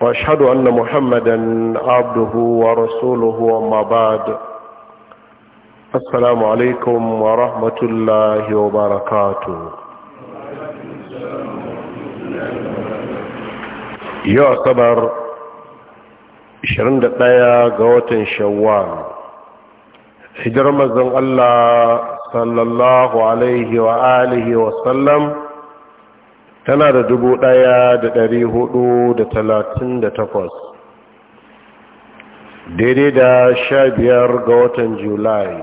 واشهد ان محمدا عبده ورسوله وما بعد السلام عليكم ورحمه الله وبركاته يا صبر شرند تايا غوتن شوال هجر مزن الله صلى الله عليه واله وسلم tana da dubu ɗaya da ɗari hudu da talatin da takwas daidai da sha biyar ga watan julai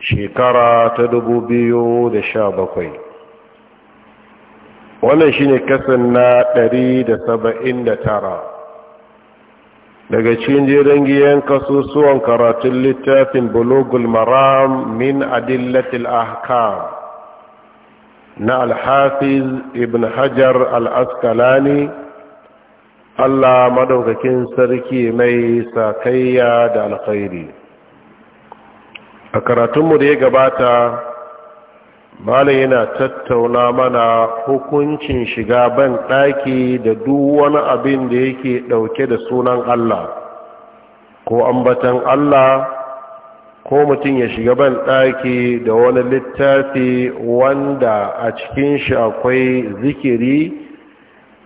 shekara ta dubu biyu da sha bakwai wannan shine kasan na ɗari da saba'in da tara daga cikin jiran giyan kasusuwan karatun littafin bulogul maram min adillatil ahkam na alhafiz ibn hajar al'askalani allah madaukakin sarki mai sakayya da alkhairi a karatunmu da ya gabata malin yana tattauna mana hukuncin shiga ban ɗaki da duk wani abin da yake ɗauke da sunan allah ko ambatan allah ko mutum ya shiga ban ɗaki da wani littafi wanda a cikin shi akwai zikiri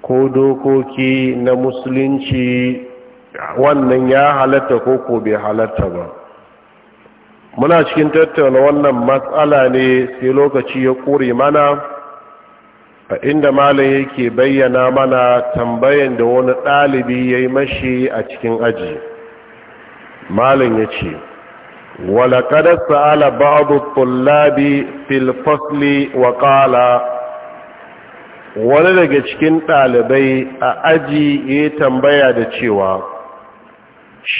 ko dokoki na musulunci wannan ya halatta ko ko bai halatta ba muna cikin tattauna wannan matsala ne sai lokaci ya ƙure mana a inda malam yake bayyana mana tambayan da wani ɗalibi ya yi mashi a cikin aji malam ya ce ولقد سأل بعض الطلاب في الفصل وقال wani daga cikin ɗalibai a aji ya tambaya da cewa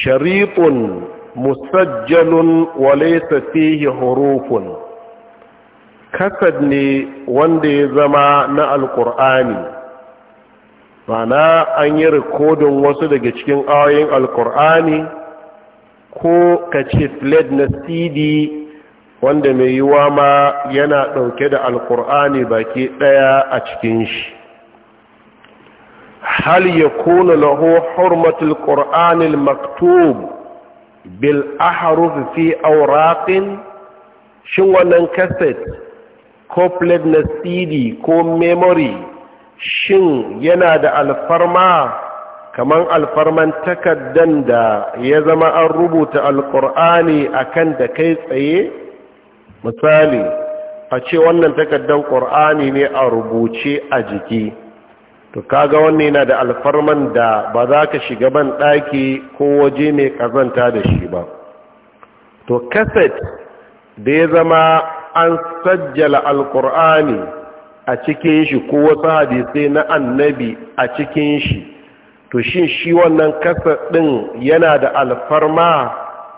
shariƙun musajjalun walaisa fihi hurufun kasad ne wanda ya zama na alƙur'ani mana an yi rikodin wasu daga cikin ayoyin alƙur'ani ko ka ce sled na cd wanda mai yiwa ma yana ɗauke da alkur'ani baki ɗaya a cikin shi hal ya kuna laho hurmatul ƙur'anil maktub bil aharuf fi auraqin shin wannan kaset ko plate na cd ko memory shin yana da alfarma kaman alfarman takaddan da ya zama an rubuta alƙur'ani akan da kai tsaye misali a ce wannan takaddan ƙur'ani ne a rubuce a jiki to kaga wannan yana da alfarman da ba za ka shiga ban ɗaki ko waje mai ƙazanta da shi ba to kaset da ya zama an sajjala alkur'ani a cikin shi ko wasu hadisai na annabi a cikin shi to shin shi wannan kasa ɗin yana da alfarma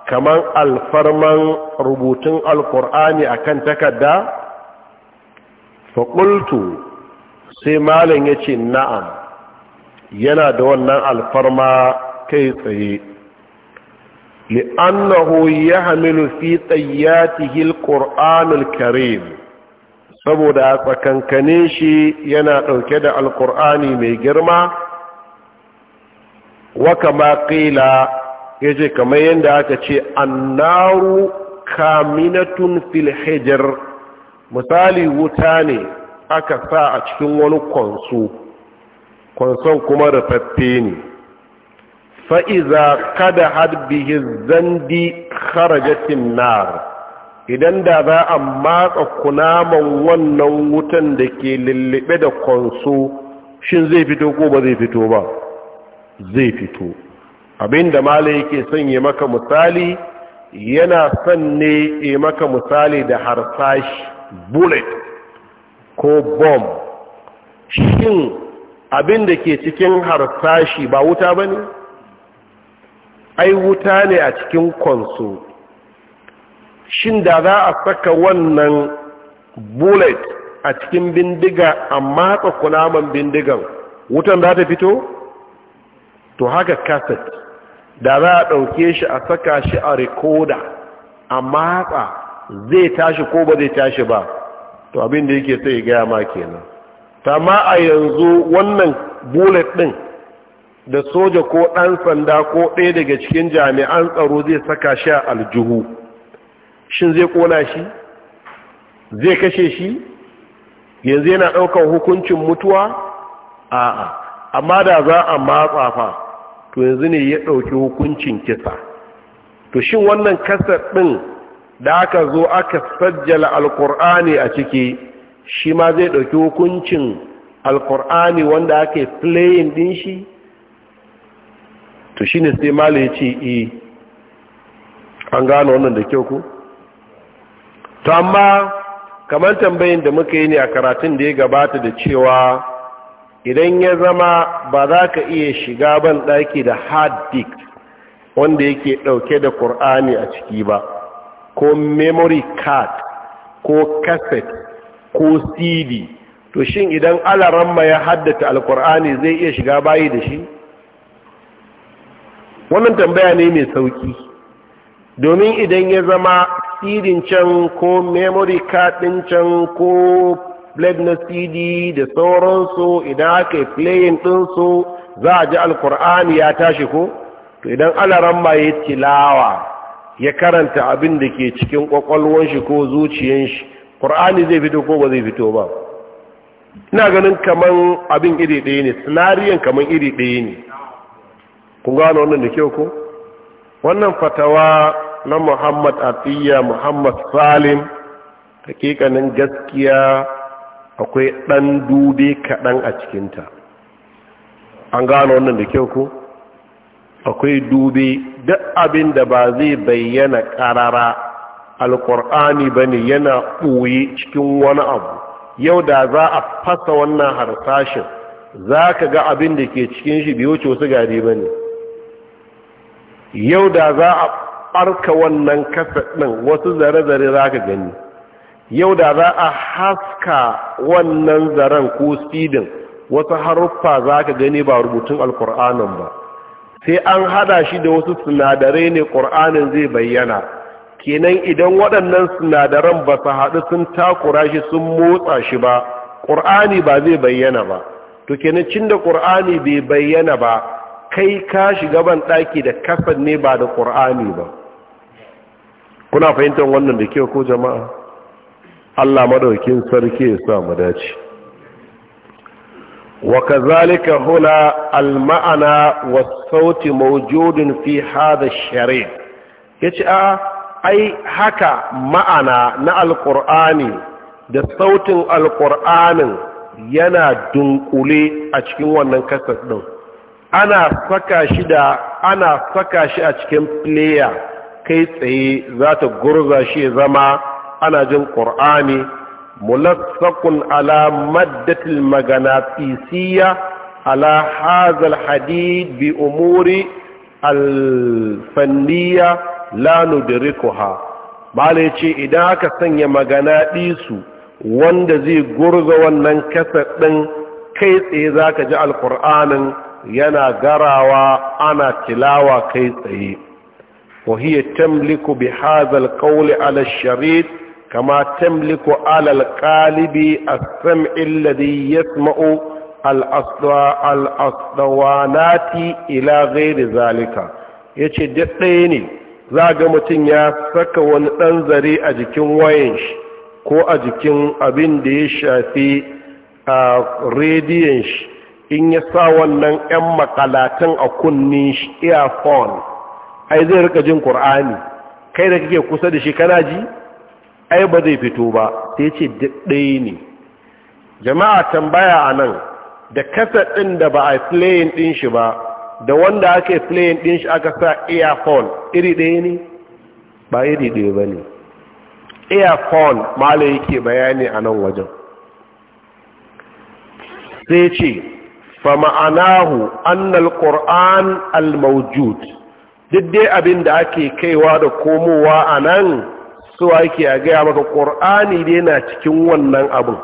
kaman alfarman rubutun alkur'ani a kan takarda? faƙultu sai malam ya ce na'am yana da wannan alfarma kai tsaye li'annahu ya hamilu fi tsayyatihi ƙuranul karim saboda a tsakankanin shi yana ɗauke da alkur'ani mai girma wa kama qila yace kamar yadda aka ce annaru kaminatun fil misali wuta ne aka sa a cikin wani kwanso kwanson kuma da rufaffe ne fa'iza kada hadbihi zandi kharajatin nar idan da za a matsa kunaman wannan wutan da ke lullube da kwanso shin zai fito ko ba zai fito ba zai fito abinda malai yake son yi maka misali yana son ne yi maka misali da harsashi bullet ko bomb shin abinda ke cikin harsashi ba wuta ba ne ai wuta ne a cikin konso shin da za a saka wannan bullet a cikin bindiga amma kunaman bindigan wutan za ta fito? to haka kaset da za a ɗauke shi a saka shi a rikoda a matsa zai tashi ko ba zai tashi ba to abin da yake sai gaya ma kenan ta ma a yanzu wannan bullet ɗin da soja ko ɗan sanda ko ɗaya daga cikin jami'an tsaro zai saka shi a aljihu shin zai ƙona shi zai kashe shi yanzu yana ɗaukar hukuncin mutuwa a'a amma da za a matsa fa to yanzu ne ya ɗauki hukuncin kisa to shin wannan kasar ɗin da aka zo aka sajjala alkur'ani a ciki shi ma zai ɗauki hukuncin alkur'ani wanda aka yi playin ɗin shi to shi ne sai mala ya ce e an gano wannan da kyau ku to amma kamar tambayin da muka yi ne a karatun da ya gabata da cewa idan ya zama ba za ka iya shiga ban ɗaki da hard disk wanda yake ɗauke da ƙur'ani a ciki ba ko memory card ko cassette ko cd to shin idan alaramma ya haddata alƙur'ani zai iya shiga bayi da shi wannan tambaya ne mai sauki domin idan ya zama cd can ko memory card ɗin can ko plate na cd da sauransu idan aka yi playin ɗinsu za a ji alkur'ani ya tashi ko to idan alaran ma ya tilawa ya karanta abin da ke cikin ƙwaƙwalwar shi ko zuciyar shi ƙur'ani zai fito ko ba zai fito ba ina ganin kamar abin iri ɗaya ne sinariyan kamar iri ɗaya ne Ku gano wannan da kyau ko wannan fatawa na muhammad atiyya muhammad salim hakikanin gaskiya akwai ɗan dube kaɗan a cikinta an gano wannan da kyau ku akwai dube duk abin da ba zai bayyana ƙarara alkur'ani ba ne yana ɓoye cikin wani abu yau da za a fasa wannan harsashin za ka ga abin da ke cikin shi biyu ce wasu gari ba ne yau da za a ɓarka wannan kasa ɗin wasu zare-zare za ka gani yau da za a haska wannan zaren ko spidin wasu haruffa za ka gani ba rubutun alkur'anin ba sai an hada shi da wasu sinadarai ne ƙur'anin zai bayyana kenan idan waɗannan sinadaran ba su haɗu sun takura shi sun motsa shi ba ƙur'ani ba zai bayyana ba to kenan cin da ƙur'ani bai bayyana ba kai ka shiga ban ɗaki da kasan ne ba da ƙur'ani ba kuna fahimtar wannan da kyau ko jama'a Allah madaukin sarki ya sa mu dace wa kazalika huna al-ma'ana was-sauti mawjudun fi hadha ash-shari' yace a ai haka ma'ana na alqur'ani da sautin alqur'anin yana dunkule a cikin wannan kasar din ana saka shi da ana saka shi a cikin player kai tsaye za ta gurza shi zama ana jin ƙur'ani mulassakun ala maddatil maganatisiya ala hazal hadid bi umuri alfanniya la nudrikuha bale ce idan aka sanya magana ɗisu wanda zai gurza wannan kasa ɗin kai tsaye za ka ji alkur'anin yana garawa ana tilawa kai tsaye hiya tamliku bi hazal kauli ala sharit kama tamliku alal qalibi as-sam'i alladhi yasma'u al-asdawanati ila ghairi zalika yace duk ɗaya ne za ga mutum ya saka wani ɗan zare a jikin wayan shi ko a jikin abin da ya shafi a rediyon shi in ya sa wannan 'yan makalatan a kunnin shi earphone ai zai rika jin ƙur'ani kai da kake kusa da shi kana ji ai ba zai fito ba sai ce ɗaya ne jama'a tambaya a nan da kasa ɗin da ba a playin ɗin shi ba da wanda aka yi playin ɗin shi aka sa earphone iri ɗaya ne ba iri ɗaya ba ne earphone mala yake bayani a nan wajen sai ce fa ma'anahu annal qur'an al maujud duk dai abin da ake kaiwa da komowa a nan cewa ake a gaya maka ƙor'ani dai na cikin wannan abin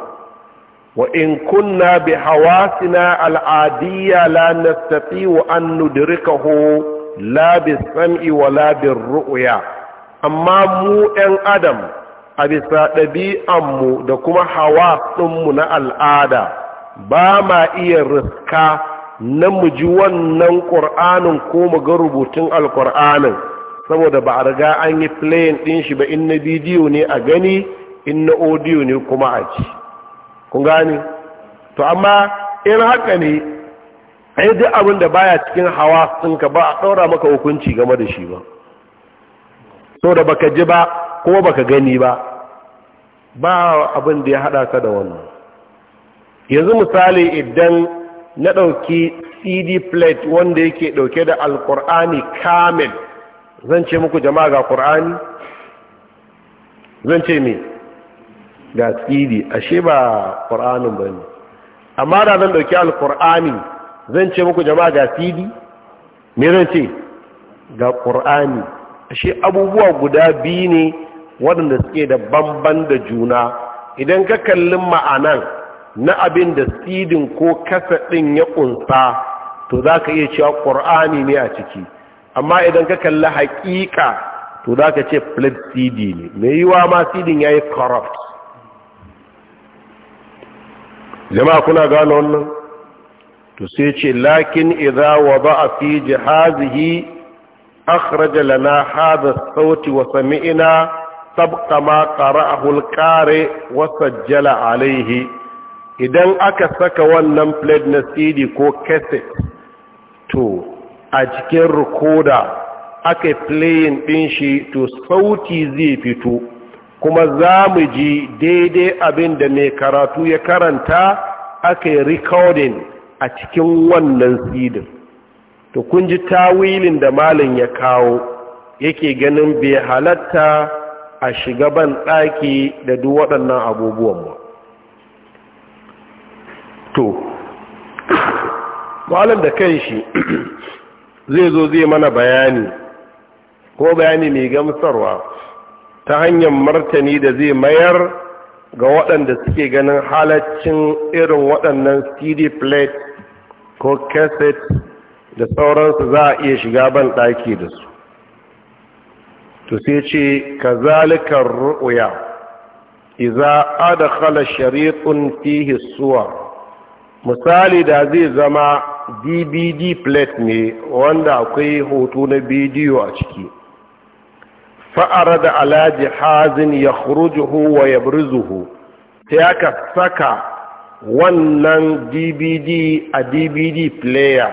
wa in kunna bi hawasina al'adiyya la nastati wa an nudrikahu la bi sam'i wa la bi amma mu ɗan adam a bisa ɗabi'anmu da kuma hawa ɗinmu na al'ada ba ma iya riska na mu ji wannan ƙur'anin ko mu ga rubutun alƙur'anin saboda ba a riga an yi playin ɗin shi ba in na bidiyo ne a gani in na audio ne kuma a ci kun gane to amma in haka ne a yi duk abin da baya cikin hawa ɗinka ba a ɗaura maka hukunci game da shi ba da baka ji ba ko baka gani ba ba abin da ya haɗa ka da wannan yanzu misali idan na ɗauki cd plate wanda yake ɗauke da alkur'ani kamil zan ce muku jama'a ga ƙur'ani zan ce me ga tsidi ashe ba ƙur'anin ba ne amma da zan ɗauki alƙur'ani zan ce muku jama'a ga tsidi me zan ce ga ƙur'ani ashe abubuwa guda biyu ne waɗanda suke da bamban da juna idan ka kallin ma'anan na abin da tsidin ko kasa ɗin ya ƙunsa to za ka iya cewa ƙur'ani ne a ciki amma idan ka kalli haƙiƙa to za ka ce flat cd ne mai wa ma cd ya yi corrupt jama'a kuna gano wannan to sai ce lakin idza wada'a fi jihazihi akhraja lana hadha sauti wa sami'na sabqa ma qara'ahu al-qari wa sajjala alayhi idan aka saka wannan plate na CD ko cassette to a cikin rikoda aka playin ɗin shi to sauti zai fito kuma za mu ji daidai abin da mai karatu ya karanta aka yi rikodin a cikin wannan sidin to kun ji tawilin da malin ya kawo yake ganin bai halatta a shiga ban ɗaki da duk waɗannan abubuwan ba to malam da kan shi zai zo zai mana bayani ko bayani mai gamsarwa ta hanyar martani da zai mayar ga waɗanda suke ganin halaccin irin waɗannan cd plate ko cassette da sauransu za a iya shiga ban ɗaki da su to sai ce ka zalikar ru'uya iza adakhala shari'un fihi suwa misali da zai zama dvd plate ne wanda akwai hoto na bidiyo a ciki fa'ara da alaji hazin ya hurujuhu wa ya burzuhu sai aka saka wannan dvd a dvd player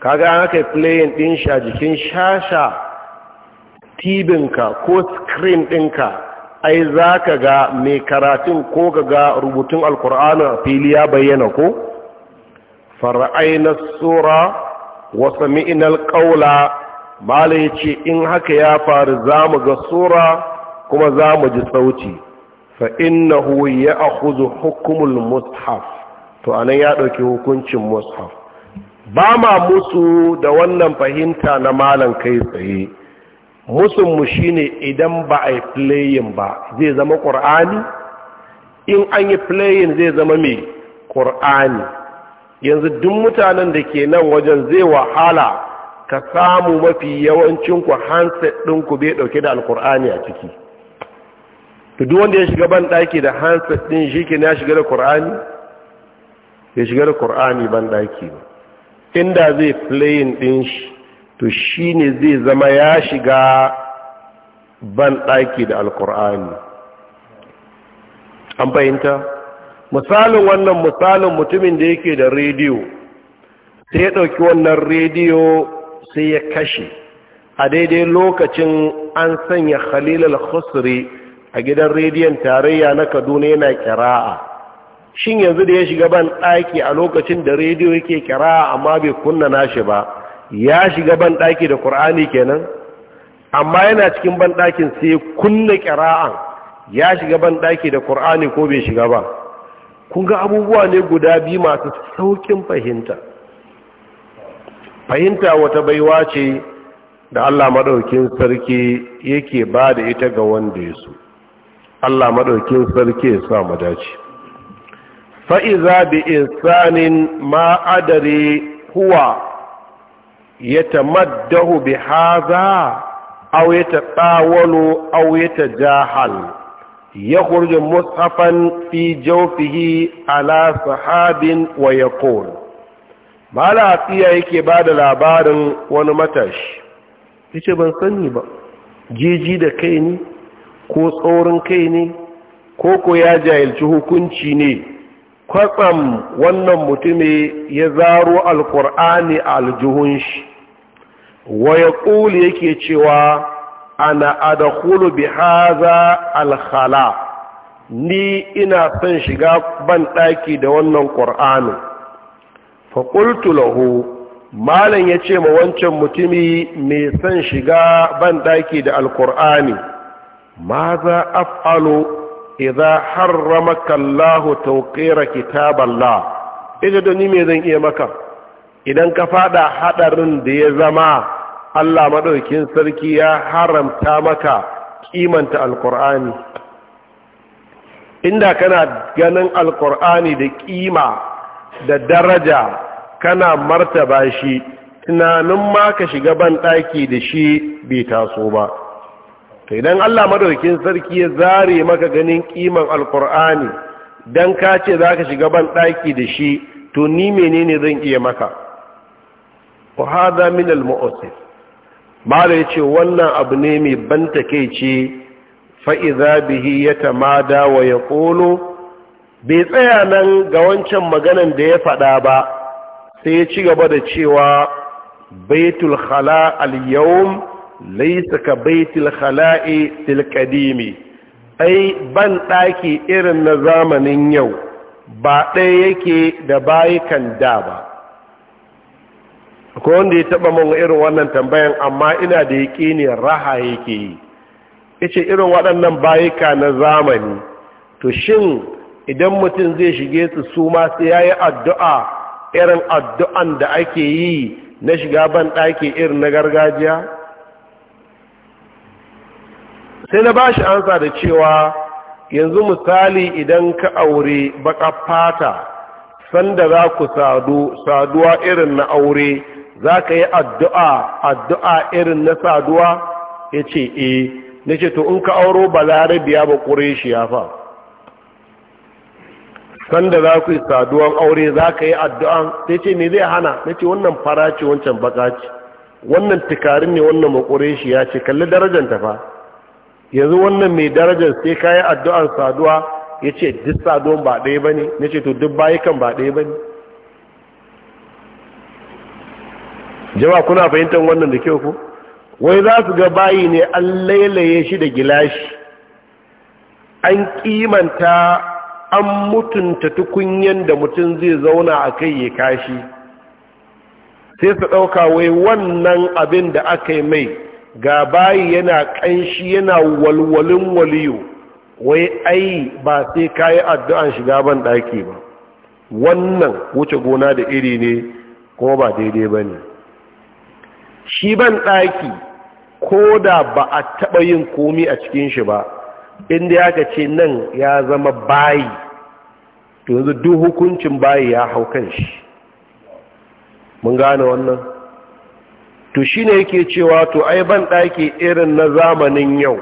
kaga an haka playin ɗin sha jikin shasha tibinka ko screen ɗinka ai za ka ga mai karatun ko kaga ga rubutun alkur'anu a fili ya bayyana ko? fara'aina sura wa sami'na alqawla mala yace in haka ya faru zamu ga sura kuma zamu ji sauti fa innahu ya'khudhu hukmul mushaf to anan ya ɗauki hukuncin mushaf ba ma musu da wannan fahimta na malam kai tsaye musun mu shine idan ba a yi playing ba zai zama qur'ani in an yi playing zai zama mai ƙur'ani yanzu duk mutanen da ke nan wajen zai wahala ka samu mafi yawancinku handset ɗinku bai ɗauke da alkur'ani a ciki to duk wanda ya shiga ban ɗaki da handset ɗin shi ke na shiga da kur'ani ya shiga da kur'ani ban ɗaki ba inda zai playing ɗin shi to shi ne zai zama ya shiga ban ɗaki da alkur'ani an fahimta misalin wannan misalin mutumin da yake da rediyo sai ya ɗauki wannan rediyo sai ya kashe a daidai lokacin an sanya khalilal khusri a gidan rediyon tarayya na kaduna yana kira'a shin yanzu da ya shiga ban ɗaki a lokacin da rediyo yake kira'a amma bai kunna nashi ba ya shiga ban ɗaki da ƙur'ani kenan amma yana cikin ban ɗakin sai kunna kira'an ya shiga ban ɗaki da ƙur'ani ko bai shiga ba kun abubuwa ne guda biyu masu saukin fahimta fahimta wata baiwa ce da Allah madaukin sarki yake ba da ita ga wanda ya so Allah madaukin sarki ya sa mu dace fa iza bi insanin ma adari huwa yatamaddahu bi hadha aw yatawalu aw yatajahal ya kurje mushafan fi jaufihi ala sahabin wa ya kowar malafiya yake ba da labarin wani matashi ita ban sani ba jeji da kai ne ko tsorin kai ne ko ko ya jahilci hukunci ne kwatsam wannan mutume ya zaro alkur'ani aljihun shi wa ya yake cewa ana adkhulu bi hadha alkhala ni ina son shiga ban daki da wannan qur'ani fa qultu lahu malan yace ma wancan mutumi me son shiga ban daki da alqur'ani maza af'alu idza harramaka Allah tawqira kitaballah idan ni me zan iya maka idan ka fada hadarin da ya zama Allah maɗaukin sarki ya haramta maka kimanta Alƙur'ani inda kana ganin Alƙur'ani da ƙima da daraja kana martaba shi tunanin ma ka shiga banɗaki da shi bai taso ba to idan Allah maɗaukin sarki ya zare maka ganin ƙiman Alƙur'ani don ka ce za ka shiga banɗaki da shi to ni menene zan iya maka wa hada min al-mu'asif malai ya ce wannan abu ne mai banta kai ce fa'iza bihi ya tamada wa ya ƙolo bai tsaya nan ga wancan maganan da ya faɗa ba sai ya ci gaba da cewa baitul khala al-yawm laysa ka baitul khala'i fil qadimi ai ban ɗaki irin na zamanin yau ba ɗaya yake da bayikan da ba ko wanda ya taba mun irin wannan tambayan amma ina da yaqini raha yake yi yace irin waɗannan bayika na zamani to shin idan mutum zai shige su su ma sai yayi addu'a irin addu'an da ake yi na shiga ban ɗaki irin na gargajiya sai na bashi ansa da cewa yanzu misali idan ka aure baka fata sanda za ku sadu saduwa irin na aure za ka yi addu'a addu'a irin na saduwa ya ce e na ce to in ka auro ba larabiya ba ƙure shi ya fa sanda za ku yi saduwan aure za ka yi addu'an Ta ce me zai hana na ce wannan fara ce wancan baka ce wannan tukarin ne wannan makure shi ya ce kalli darajar ta fa yanzu wannan mai darajar sai ka yi addu'an saduwa ya ce duk saduwan ba ɗaya ba ne na ce to duk bayi kan ba ɗaya ba ne jama'a kuna fahimtar wannan da kyau ku? wai za su ga bayi ne an lailaye shi da gilashi an kimanta an mutunta tukunyen da mutum zai zauna a kai ya kashi sai su ɗauka wai wannan abin da aka yi mai ga bayi yana ƙanshi yana walwalin waliyo wai ai ba sai ka yi addu'an shiga ban ɗaki ba wannan wuce gona da iri ne kuma ba daidai ba ne shi ban ɗaki ko da ba a taɓa yin komi a cikin shi ba inda ya ce nan ya zama bayi to yanzu duk hukuncin bayi ya hau kan shi mun gane wannan to shi ne yake cewa to ai ban ɗaki irin na zamanin yau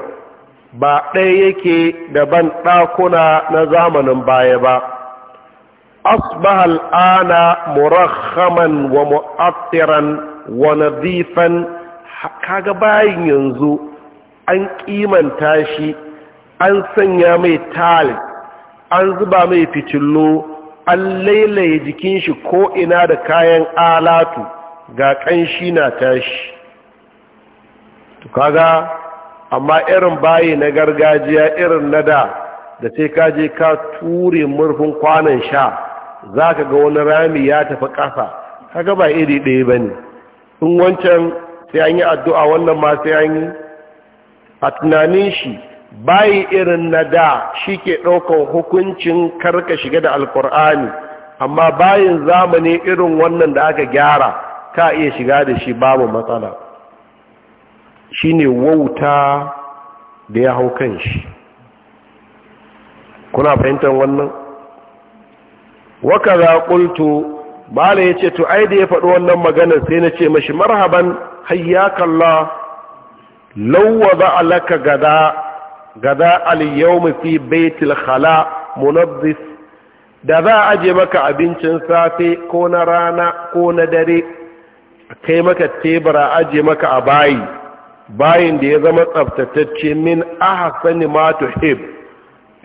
ba ɗaya yake da ban ɗakuna na zamanin baya ba asbahal ana murakhaman wa mu'attiran wa kaga bayin yanzu an kimanta shi an sanya mai tal an zuba mai fitillo an lailaye jikin shi ko ina da kayan alatu ga kanshi na tashi to kaga amma irin bayi na gargajiya irin na da da sai ka je ka ture murfin kwanan sha zaka ga wani rami ya tafi kasa kaga ba iri ɗaya bane in wancan sai an yi addu'a wannan ma sai an yi a tunanin shi bayi irin na da shi ke ɗaukar hukuncin karka shiga da alkur'ani amma bayin zamani irin wannan da aka gyara ka iya shiga da shi babu matsala shi ne wauta da ya hau kan shi kuna fahimtar wannan waka za ƙultu bala ya ce to ai da ya faɗi wannan maganar sai na ce mashi marhaban hayyakalla lauwa za a laka gada gada aliyau mafi baitul khala munazzis da za a aje maka abincin safe ko na rana ko na dare kai maka tebura aje maka a bayi bayin da ya zama tsaftatacce min ahsani ma tuhib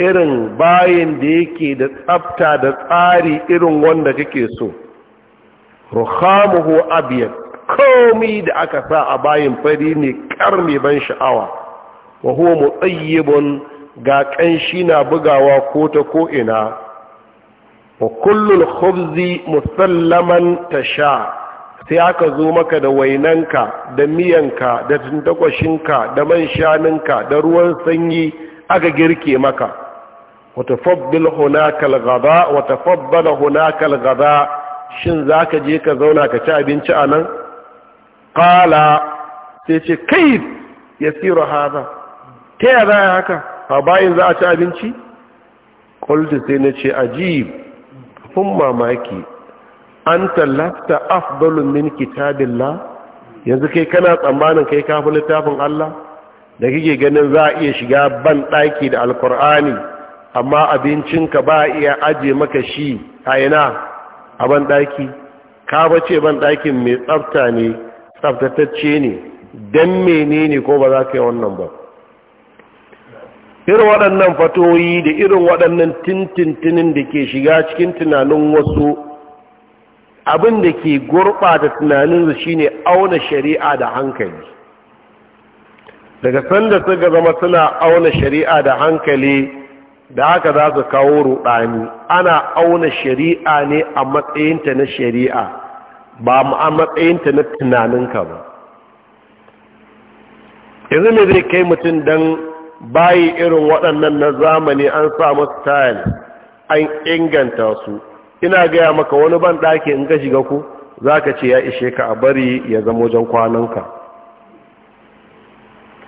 irin bayin da yake da tsabta da tsari irin wanda kake so muhu abyad komi da aka sa a bayan fari ne mai ban sha'awa wa huwa mutayyibun ga kanshi na bugawa ko ta ko'ina. ina wa kullum khubzi musallaman sha sai aka zo maka da wainanka da miyanka da tuntakwashinka da man shaninka da ruwan sanyi aka girke maka wata fabbala hunakal gaba shin za ka je ka zauna ka ci abinci a nan ƙala sai ce kai ya tsiro haza ta yaya za haka a bayan za a ci abinci ƙulta sai na ce ajiyib fun mamaki an tallafta afdalun min kitabillah yanzu kai kana tsammanin kai kafin littafin Allah da kike ganin za a iya shiga ban ɗaki da alkur'ani amma abincinka ba a iya aje maka shi a ina a banɗaki ka ce banɗakin mai tsafta ne tsaftatacce ne don menene ko ba za ka yi wannan ba irin waɗannan fatoyi da irin waɗannan tintintinin da ke shiga cikin tunanin wasu abin da ke gurɓata su shine auna shari'a da hankali daga sanda suka zama suna auna shari'a da hankali da haka za su kawo ruɗani ana auna shari'a ne a matsayinta na shari'a ba mu a matsayinta na tunaninka ba yanzu mai zai kai mutum don bayi irin waɗannan na zamani an samu style an inganta su ina gaya maka wani ban ɗaki in ga shiga ku za ka ce ya ishe ka a bari ya zama wajen kwananka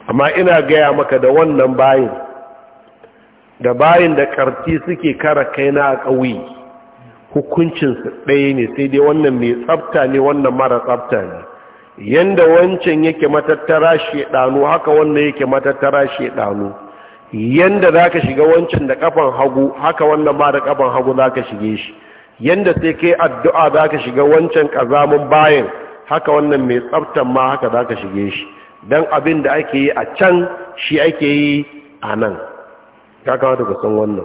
amma ina gaya maka da wannan bayin da bayan da karti suke kara kaina a ƙauye hukuncinsu ɗaya ne sai dai wannan mai tsafta ne wannan mara tsafta ne yadda wancan yake matattara shedanu haka wannan yake matattara yadda za ka shiga wancan da ƙafan hagu haka wannan ma da ƙafan hagu za ka shige shi yadda sai kai addu'a za ka shiga wancan ƙazamin bayan, haka wannan mai tsaftan ma haka za ka shige shi dan abin da ake yi a can shi ake yi a nan ya kamata ku san wannan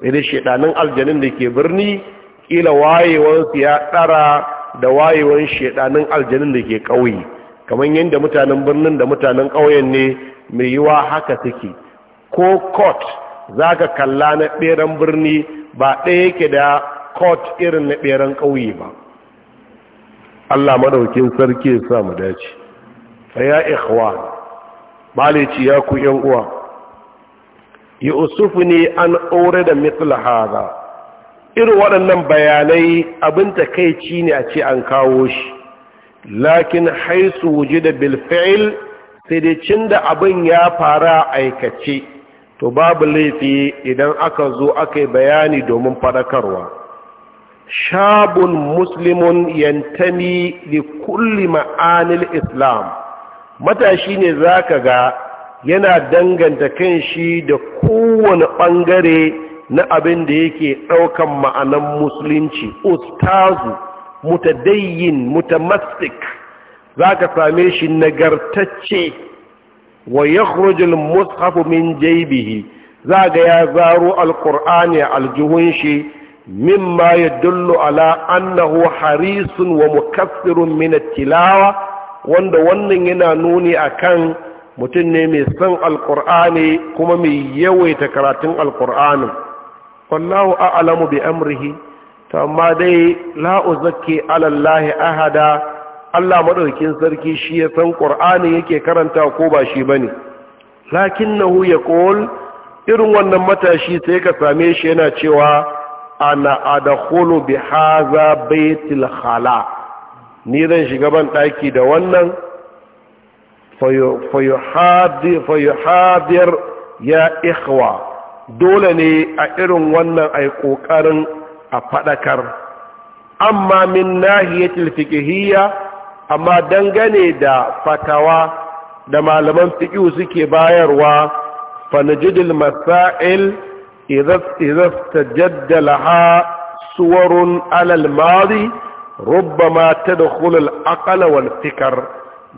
sai dai shedanin aljanin da ke birni kila wayewansu ya ɗara da wayewan shedanin aljanin da ke ƙauye kamar yadda mutanen birnin da mutanen ƙauyen ne mai yiwa haka suke ko court za ka kalla na ɓeran birni ba ɗaya yake da court irin na ɓeran ƙauye ba Allah madaukin sarki ya sa mu dace fa ya ikhwan malici ya ku yan uwa Yusuf ne an aure da mitla haza irin waɗannan bayanai abin takaici ne a ce an kawo shi lakin haisu wuji da bilfa'il sai dai cin da abin ya fara aikace to babu laifi idan aka zo aka yi bayani domin faɗakarwa shabun muslimun yantami da kulli ma'anil islam matashi ne za ga yana danganta kan shi da kowane ɓangare na abin da yake ɗaukan ma'anan musulunci ustazu mutadayyin mutamastik za ka same shi nagartacce wa yakhrujul mushafu min jaibihi za ga ya zaro a aljihun shi ya dullo ala annahu harisun wa mukaffirun minatilawa wanda wannan yana nuni akan mutum ne mai son alkur'ani kuma mai yawaita karatun alkur'anin wallahu a'lamu bi amrihi to amma dai la uzakki ala ahada Allah madaukin sarki shi ya san qur'ani yake karanta ko ba shi bane lakinnahu yaqul irin wannan matashi sai ka same shi yana cewa ana adkhulu bi hadha baytil khala ni zan shiga ban daki da wannan فيحاضر فيحاضر يا إخوة دولني أئرن ونن أي قوكارن أفدكر أما من ناهية الفكهية أما دنغني دا فتوى دما لمن فكيوسك بايروا فنجد المسائل إذا إذا استجد لها صور على الماضي ربما تدخل الأقل والفكر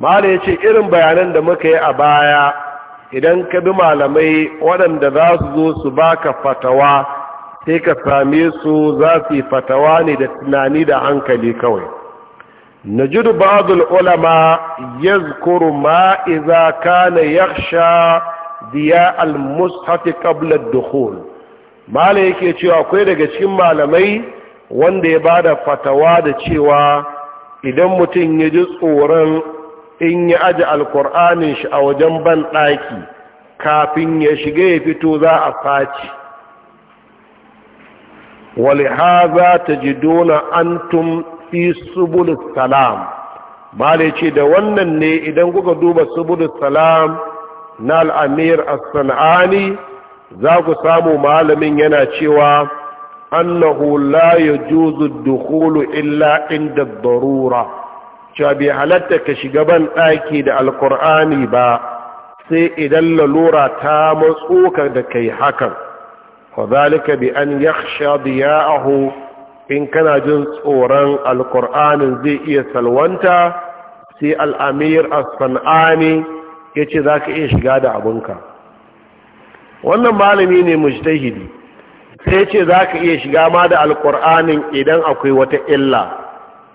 mala ya ce irin bayanan da muka yi a baya idan ka bi malamai waɗanda za su zo su baka fatawa sai ka same su za su yi fatawa ne da tunani da hankali kawai najudu ba'dul ulama yazkuru ma idza kana yakhsha diya al mustafi qabla ad-dukhul ya yake cewa akwai daga cikin malamai wanda ya ba da fatawa da cewa idan mutum ya ji tsoron in ya aji alkur'anin shi a wajen ban ɗaki kafin ya shiga ya fito za a faci za ta ji dona tun fi subulus salam bale ce da wannan ne idan kuka duba subulus salam na al'amir as-sana'ani za ku samu malamin yana cewa annahu la juzu duhulu illa inda darura cewa bai halatta ka shiga ban ɗaki da alkur'ani ba sai idan lalura ta ka da kai hakan wa zalika bi an yakhsha diya'ahu in kana jin tsoron alkur'ani zai iya salwanta sai al'amir as-san'ani yace zaka iya shiga da abunka wannan malami ne mujtahidi sai ce zaka iya shiga ma da alkur'anin idan akwai wata illa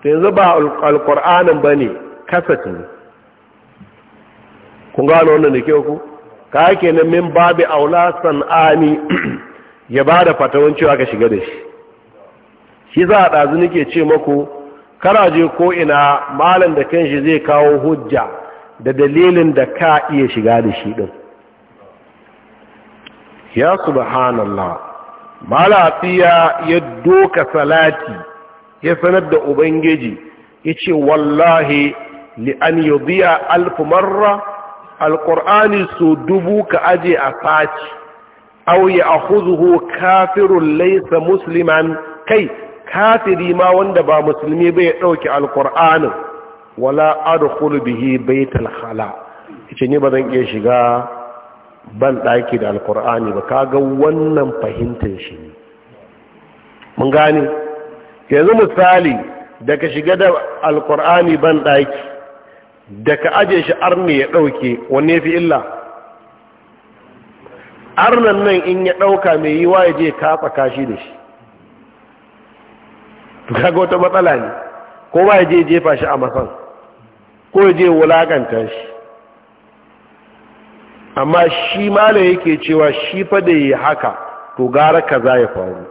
ta yanzu ba alƙur'anin ba ne kasat ne kun gano wannan da ke ku ka ake nan min babi aula san'ani ya ba da fatawan cewa ka shiga da shi shi za a ɗazu nike ce maku karaje ko ina malam da kan shi zai kawo hujja da dalilin da ka iya shiga da shi ɗin ya subhanallah malafiya ya doka salati ya sanar da ubangiji ya ce wallahi li'an yubiya alfu marra alƙur'ani su dubu ka aje a faci auye a huzuhu kafirun laisa musliman kai kafiri ma wanda ba musulmi bai ɗauki alƙur'anin wala arhul bihi baitul khala ce ne ba zan iya shiga ban ɗaki da alƙur'ani ba kaga wannan fahimtar shi mun gane yanzu misali da shiga da alkur'ani ban daki da ka aje shi Arne ya ɗauke wanne fi illa arnan nan in ya ɗauka mai yi wa ya je kafa kashi da shi kaga wata matsala ne ko ba ya je jefa shi a masan ko ya je wulakanta shi amma shi mala yake cewa shi fa da yi haka to gara kaza ya faru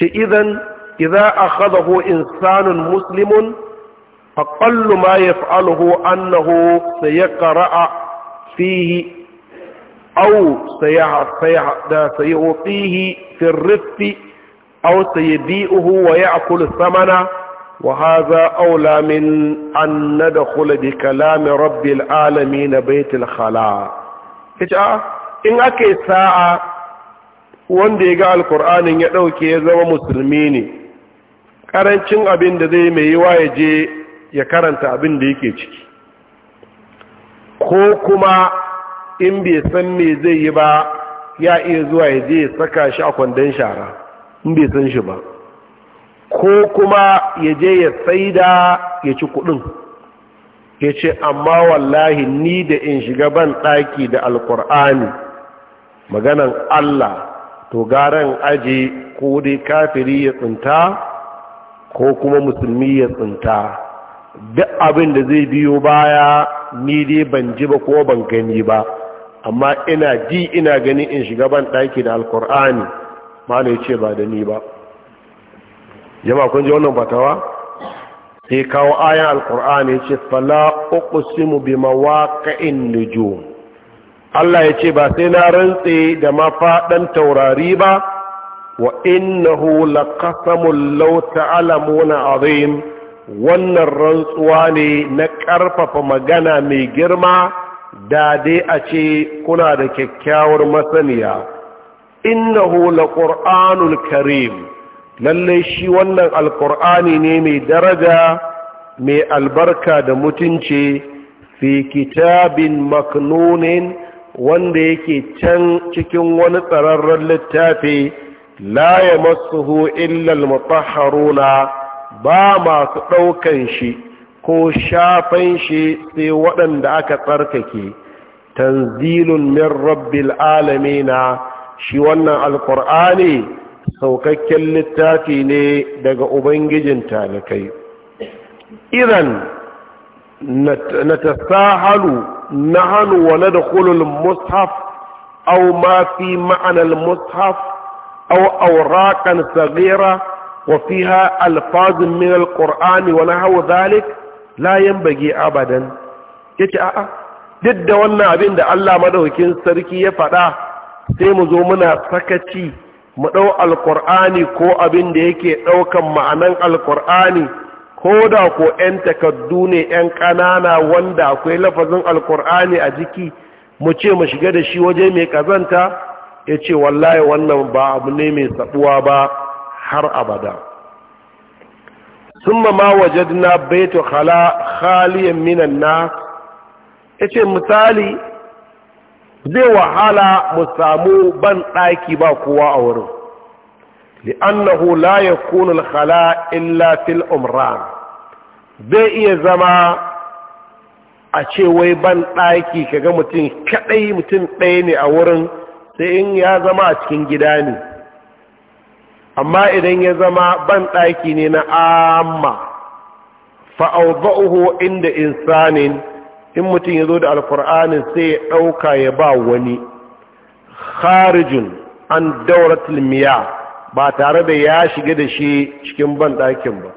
shi idan إذا أخذه إنسان مسلم أقل ما يفعله أنه سيقرأ فيه أو سيعطيه في الرفق أو سيبيئه ويأكل الثمن وهذا أولى من أن ندخل بكلام رب العالمين بيت الخلاء إن أكي ساعة wanda ya القرآن alkur'anin يزوى مسلميني karancin abin da zai mai yiwa ya je ya karanta abin da yake ciki ko kuma in bai san me zai yi ba ya iya zuwa ya je ya saka shi a kwandon shara in bai san shi ba ko kuma ya je ya saida ya ci kudin ya ce amma wallahi ni da in shiga ban ɗaki da alkur'ani maganan allah to garan aji ko dai kafiri ya tsinta ko kuma musulmi ya tsinta duk abin da zai biyo baya ni dai ban ji ba ko ban gani ba amma ina ji ina gani in shiga ban ɗaki da alkur'ani mana ya ce ba da ni ba jama kun ji wannan fatawa sai kawo ayan alkur'ani ya ce fala uqsimu bi mawaqi'in nujum Allah ya ce ba sai na rantse da mafaɗan taurari ba wa innahu laqasamun law ta'lamuna azim wannan rantsuwa ne na ƙarfafa magana mai girma da dai a ce kuna da kyakkyawar masaniya innahu laqur'anul karim lallai shi wannan alqur'ani ne mai daraja mai albarka da mutunci fi kitabin maknunin wanda yake can cikin wani tsararren littafi la ya masuhu illal mutahharuna ba masu ɗaukan shi ko shafan shi sai waɗanda aka tsarkake tanzilun min rabbil alamina shi wannan alkur'ani saukakken littafi ne daga ubangijin talakai idan na tasahalu na hannu wa na da kulul mushaf au ma fi ma'anar mushaf أو أوراقا صغيرة وفيها ألفاظ من القرآن ونحو ذلك لا ينبغي أبدا yace a'a duk da wannan abin da Allah madaukakin sarki ya faɗa sai mu zo muna sakaci mu ɗau alkur'ani ko abin da yake ɗaukan ma'anan alkur'ani ko da ko 'yan takardu ne 'yan ƙanana wanda akwai lafazin alkur'ani a jiki mu ce mu shiga da shi waje mai ƙazanta ya ce wallahi wannan ba abu ne mai saɓuwa ba har abada sun mama wajadna hala khaliyan minan na ya ce misali zai wahala mu samu ban ɗaki ba kowa a wurin li'annahu la yakunu al-khala illa fil umran zai iya zama a ce wai ban ɗaki kaga mutum kaɗai mutum ɗaya ne a wurin sai in ya zama a cikin gida ne amma idan ya zama ban ɗaki ne na amma fa'auba'uhu inda insanin in mutum ya zo da alkur'anin sai ya ɗauka ya ba wani kharijin an dauratul miya ba tare da ya shiga da shi cikin ban ɗakin ba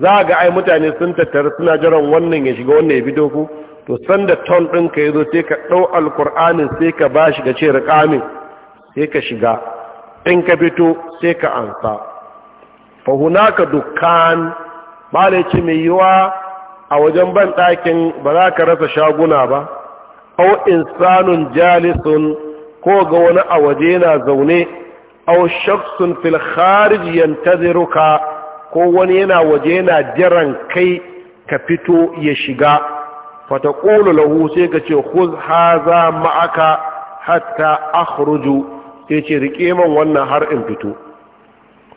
za ga ai mutane sun tattara suna jiran wannan ya shiga wannan ya bi ku to sanda ton ɗinka ya zo sai ka ɗau alkur'anin sai ka ba shi ga ce riƙamin sai ka shiga in ka fito sai ka ansa fahunaka dukkan ce mai yiwa a wajen ban ɗakin ba za ka rasa shaguna ba au insanun jalisun ko ga wani a waje yana zaune au shaksun fil kharij ko wani yana waje yana jiran kai ka fito ya shiga fata lahu sai ka ce huz haza ma'aka hatta akhruju sai ce riƙe man wannan har in fito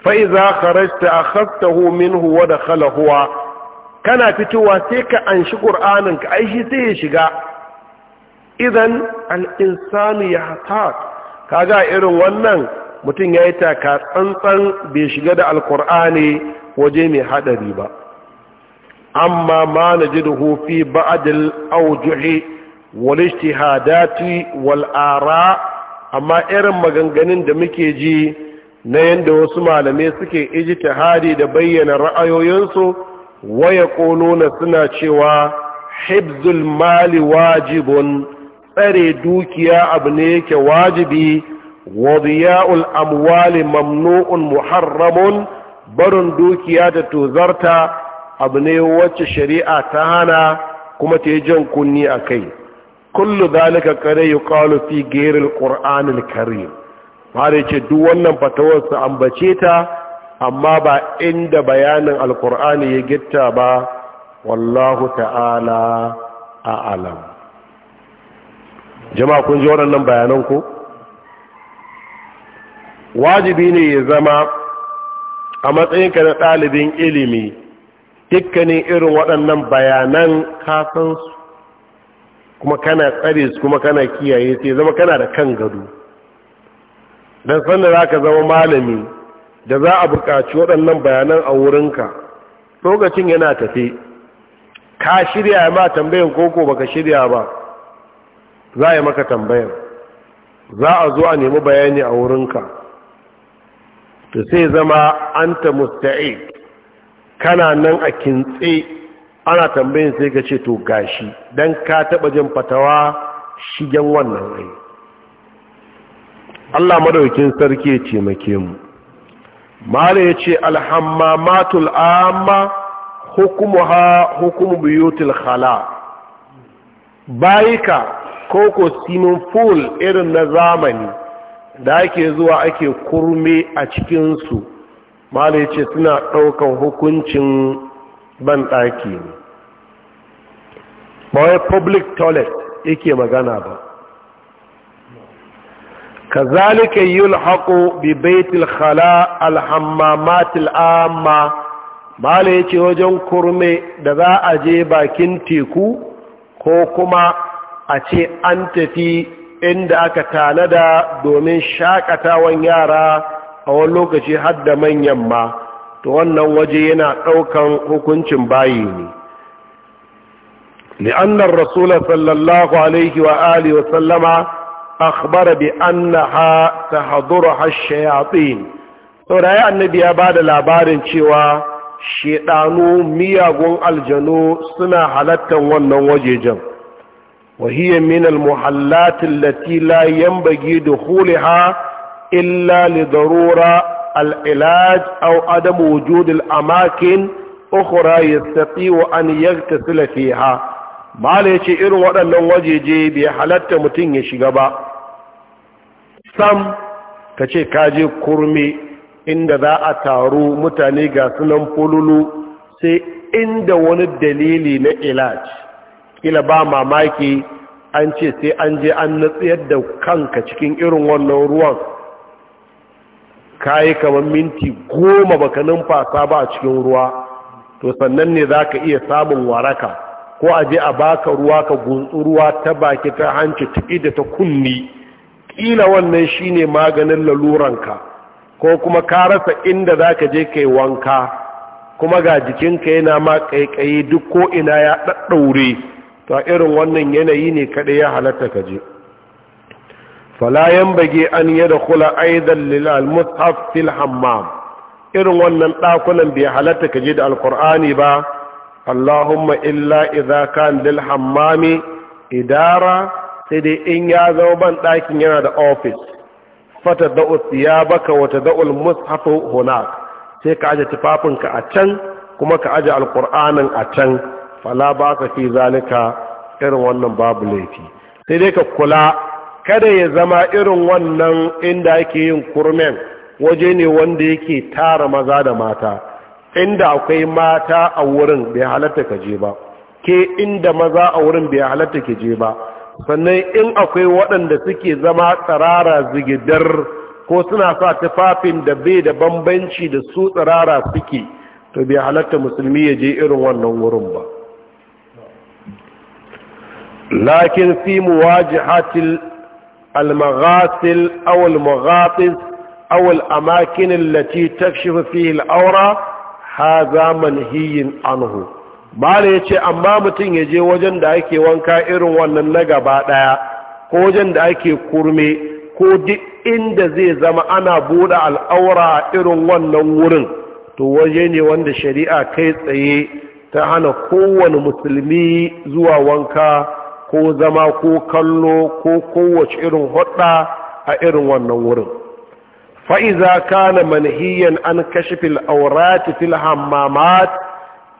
Fa'iza iza a akhadtahu minhu wa dakhala huwa kana fitowa sai ka anshi ƙur'anin ka aishi sai ya shiga idan al insanu yahtat kaga irin wannan mutum yayi taka tsantsan bai shiga da alqur'ani waje mai haɗari ba amma ma najiduhu fi ba'd al awjuhi wal wal ara' amma irin maganganun da muke ji na yadda wasu malamai suke ijtihadi da bayyana ra'ayoyinsu waya ƙonona suna cewa hibzul mali wajibun tsare dukiya abu ne yake wajibi wadiya'ul amwali mamnu'un muharramun barin dukiya da tozarta abu ne wacce shari'a ta hana kuma ta yi jan kunni a kai kullu zalika kare kalu fi ghayril qur'anil karim har yace duk wannan fatawar su ambace ta amma ba inda bayanin alqur'ani ya gitta ba wallahu ta'ala a'lam jama'a kun ji wannan bayanan ku wajibi ne ya zama a matsayinka na ɗalibin ilimi dukkanin irin waɗannan bayanan kasansu kuma kana tsare su kuma kana kiyaye sai zama kana da kan gado don sanda za ka zama malami da za a buƙaci waɗannan bayanan a wurinka lokacin yana tafe ka shirya ma tambayin koko baka shirya ba za a yi maka tambayan za a zo a nemi bayani a wurinka to sai zama anta musta'id kana nan a kintse ana tambayin sai ka ce to gashi don ka taɓa jin fatawa shigen wannan ai Allah madaukin sarki ya taimake mu mara ya ce alhamma matul amma ha hukumu biyutul khala bayika koko swimming pool irin na zamani da ake zuwa ake kurme a cikinsu mara ya ce suna ɗaukan hukuncin ban ɗaki ne ba wai public toilet yake magana ba kazalika yulhaqu bi baitil khala al hammamatil amma mala yace wajen kurme da za a je bakin teku ko kuma a ce an tafi inda aka tanada domin shakatawan yara a wani lokaci har da manyan ma to wannan waje yana ɗaukan hukuncin bayi ne li'annar rasula sallallahu alaihi wa alihi wa sallama akhbara bi annaha tahduru ash to da ya annabi ya bada labarin cewa shedanu miyagun aljanu suna halattan wannan wajejen wa hiya min al-muhallat allati la yanbaghi dukhulaha illa li العلاج او عدم وجود الاماكن اخرى يستطيع ان يغتسل فيها ما ليش ان halarta mutum ya shiga ba. با سام ce kaje كورمي inda za a taru mutane ga sunan fululu sai inda wani dalili na ilaj kila ba mamaki an ce sai an je an natsayar da kanka cikin irin wannan ruwan kayi kamar minti goma baka numfasa ba a cikin ruwa to sannan ne za ka iya samun waraka ko a je a baka ruwa ka guntsu ruwa ta baki ta hanci tuɗi da ta kunni ƙila wannan shi ne maganin laluranka ko kuma ka rasa inda za ka je kai wanka kuma ga jikinka yana ma ƙaiƙayi duk ko ina ya ɗaɗɗaure to a irin wannan yanayi ne kaɗai ya halatta ka je fala bage an yadkhula aidan lil mushaf fil hammam irin wannan dakunan bai halatta ji da alqur'ani ba allahumma illa idza kan lil hammami idara sai dai in ya zama ban dakin yana da office fatadau ya baka wata al mushaf hunak sai ka aje ka a can kuma ka aje alqur'anin a can fala ba ka fi zalika irin wannan babu laifi sai dai ka kula kada ya zama irin wannan inda ake yin kurmen waje ne wanda yake tara maza da mata inda akwai mata a wurin bai halatta ka je ba ke inda maza a wurin bai halatta ke je ba sannan in akwai waɗanda suke zama tsirara zigidar ko suna sa tufafin da bai da bambanci da su tsirara suke to bai halatta musulmi ya je irin wannan wurin ba lakin fi muwajihatil المغاسل أو المغاطس أو الأماكن التي تكشف فيه الأورى هذا منهي عنه bala ya ce amma mutum ya je wajen da ke wanka irin wannan na gaba ɗaya ko wajen da ake kurme ko duk inda zai zama ana buɗe al'aura irin wannan wurin to waje ne wanda shari'a kai tsaye ta hana kowane musulmi zuwa wanka ko zama ko kallo ko kowace irin hudda a irin wannan wurin fa'iza kana manhiyan an kashe aurati fil hammamat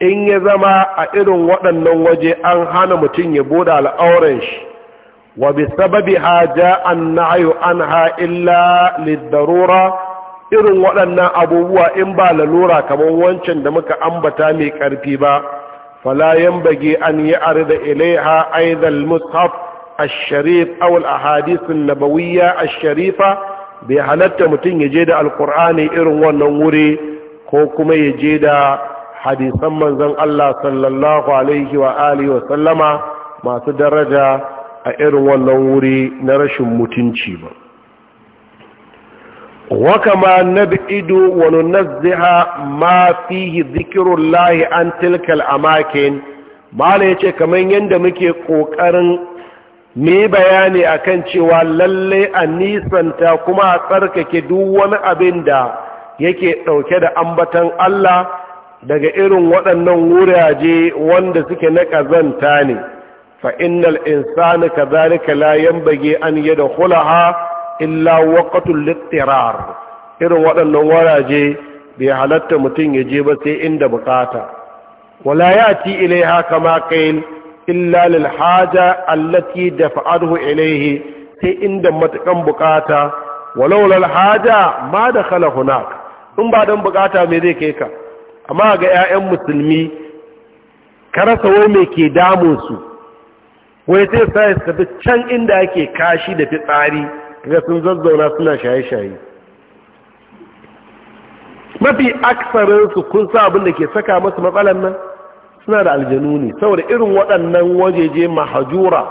in ya zama a irin waɗannan waje an hana mutum ya bude al'auren shi wa bi sababi haja an na'ayu an ha illa lidarura irin waɗannan abubuwa in ba lalura kamar wancan da muka ambata mai ƙarfi ba فلا ينبغي أن يعرض إليها أيضا المصحف الشريف أو الأحاديث النبوية الشريفة بحالة متن يجد القرآن إرن ونوري كوكما يجد حديثا من زن الله صلى الله عليه وآله وسلم ما تدرج a irin wannan wuri na rashin mutunci ba وكما نبعد وننزه ما فيه ذكر الله عن تلك الأماكن ما ليش كمان يندمك قوكرن mai bayani akan cewa lalle a nisanta kuma a tsarkake duk wani abin da yake ɗauke da ambatan Allah daga irin waɗannan wuraje wanda suke na ƙazanta ne fa innal insani kadhalika la bage an hulaha. illa waqatul littirar irin waɗannan waraje bai halatta mutum ya je ba sai inda bukata wala yati ilaiha kama kail illa lil haja allati dafa'ahu ilaihi sai inda matakan bukata walau lil haja ma kala hunak in ba dan bukata me zai kai ka amma ga 'ya'yan musulmi ka rasa wai ke damunsu su wai sai sai su tafi can inda ake kashi da fitsari ga sun zazzauna suna shaye-shaye mafi aksarinsu kun sa abin da ke saka masu matsalan nan suna da aljanu ne saboda irin waɗannan wajeje mahajura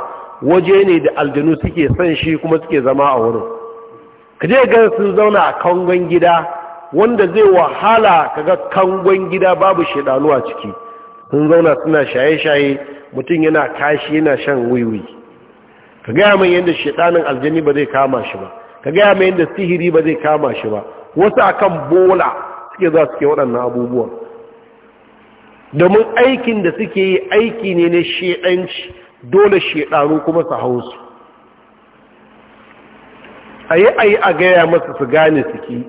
waje ne da aljanu suke son shi kuma suke zama a wurin kaje ga sun zauna a kangon gida wanda zai wahala kaga kangon gida babu shedanu a ciki sun zauna suna shaye-shaye mutum yana kashi yana shan wiwi ka gaya mai yadda shaɗanin aljani ba zai kama shi ba ka gaya mai yadda sihiri ba zai kama shi ba wasu akan bola suke za suke waɗannan abubuwa domin aikin da suke yi aiki ne na shaɗanci dole shaɗanu kuma su hau su a yi a yi a gaya masa su gane suke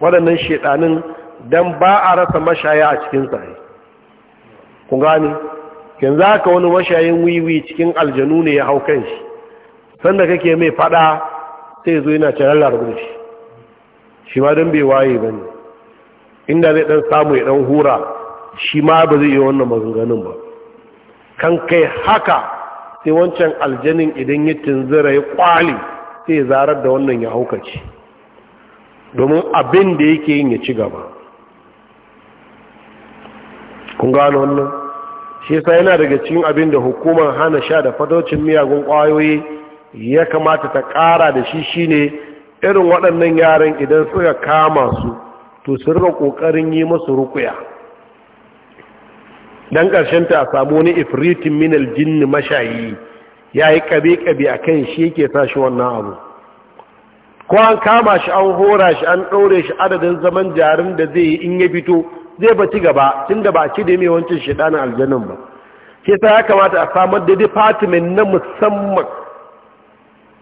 waɗannan shaɗanin don ba a rasa mashaya a cikin sahi ku gane yanzu haka wani mashayin wiwi cikin aljanu ne ya hau kan shi sanda kake mai fada sai zo yana cewa Allah shi ma don bai waye ba ne inda zai dan samu ya dan hura shi ma ba zai yi wannan maganganun ba kan kai haka sai wancan aljanin idan ya tunzura ya kwali sai ya zarar da wannan ya haukace domin abin da yake yin ya ci gaba kun gano wannan shi yasa yana daga cikin abin da hukumar hana sha da fatocin miyagun kwayoyi ya kamata ta ƙara da shi shi ne irin waɗannan yaran idan suka kama su to su rika ƙoƙarin yi masu rukuya don ƙarshen ta a samu wani ifritin minal jinni mashayi ya yi ƙabe-ƙabe a kan shi yake sa shi wannan abu ko an kama shi an hora shi an ɗaure shi adadin zaman jarin da zai yi in ya fito zai baci gaba tun da ba ci da mai wancan ɗanin aljanin ba ke sa ya kamata a samar da department na musamman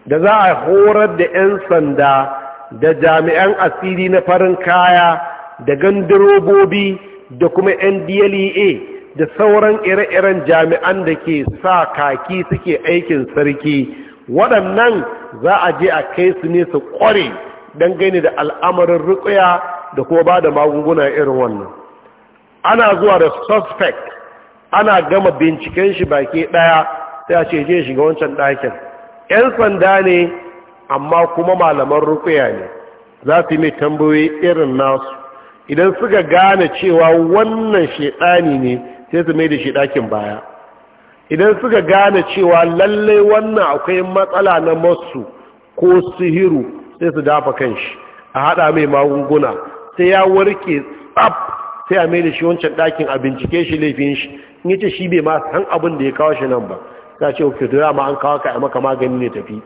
da za a horar da 'yan sanda da jami'an asiri na farin kaya da gandirobobi da kuma DLA, e da sauran ire-iren jami'an da ke sa kaki suke aikin sarki waɗannan za a je a kai su ne su ƙware dangane da al'amarin rukuya da kuma ba da magunguna irin wannan ana zuwa da suspect ana gama binciken shi baki ɗaya sai a ce je shiga wancan ɗakin 'yan sanda ne amma kuma malaman rukuya ne za su mai tambayoyi irin nasu idan suka gane cewa wannan shaidani ne sai su mai da shi baya idan suka gane cewa lallai wannan akwai matsala na masu ko sihiru sai su dafa kanshi a haɗa mai magunguna sai ya warke tsab sai a mai da shi wancan ɗakin a bincike shi laifin shi in ce shi bai ma san abin da ya kawo shi nan ba za ce ok dora dama an kawo ka a maka magani ne tafi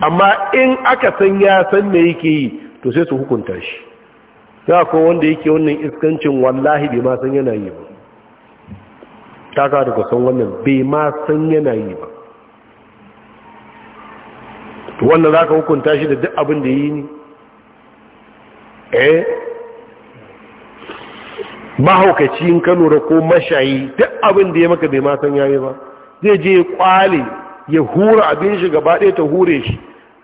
amma in aka san ya san me yake yi to sai su hukunta shi za ko wanda yake wannan iskancin wallahi bai ma san yana yi ba ta ka daga san wannan bai ma san yana yi ba to wannan za ka hukunta shi da duk abin da yi ne eh mahaukaci in ka lura ko mashayi duk abin da ya maka bai matan yayi ba zai je kwale ya hura abin shi gaba ɗaya ta hure shi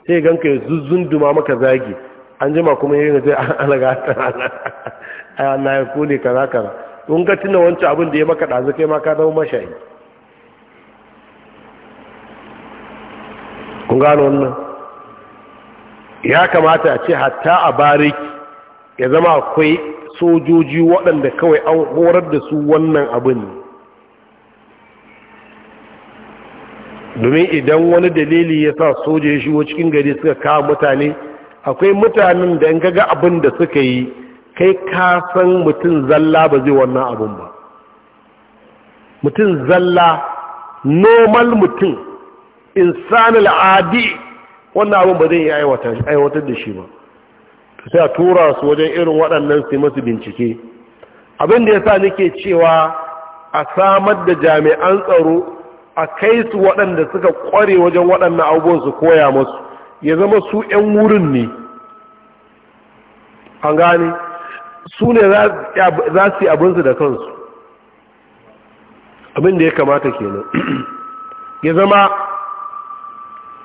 sai ganka ya zuzzunduma maka zagi an jima kuma yin zai ana gata ana na ya kone kaza kaza in ka tuna wancan abin da ya maka ɗazu kai ma ka zama mashayi kun gano wannan ya kamata a ce hatta a bariki ya zama akwai sojoji waɗanda kawai an horar da su wannan abin domin idan wani dalili ya sa soja ya shigo cikin gari suka kawo mutane akwai mutanen da in ga abin da suka yi kai ka san mutum zalla ba zai wannan abin ba mutum zalla normal mutum insanil adi wannan abin ba zai aiwatar da shi ba sai a tura su wajen irin waɗannan su masu bincike abin da ya sa nake cewa a samar da jami'an tsaro a kai su waɗanda suka ƙware wajen waɗannan abubuwan su koya masu ya zama su 'yan wurin ne an gane su ne za su yi abinsu da kansu abin da ya kamata kenan ya zama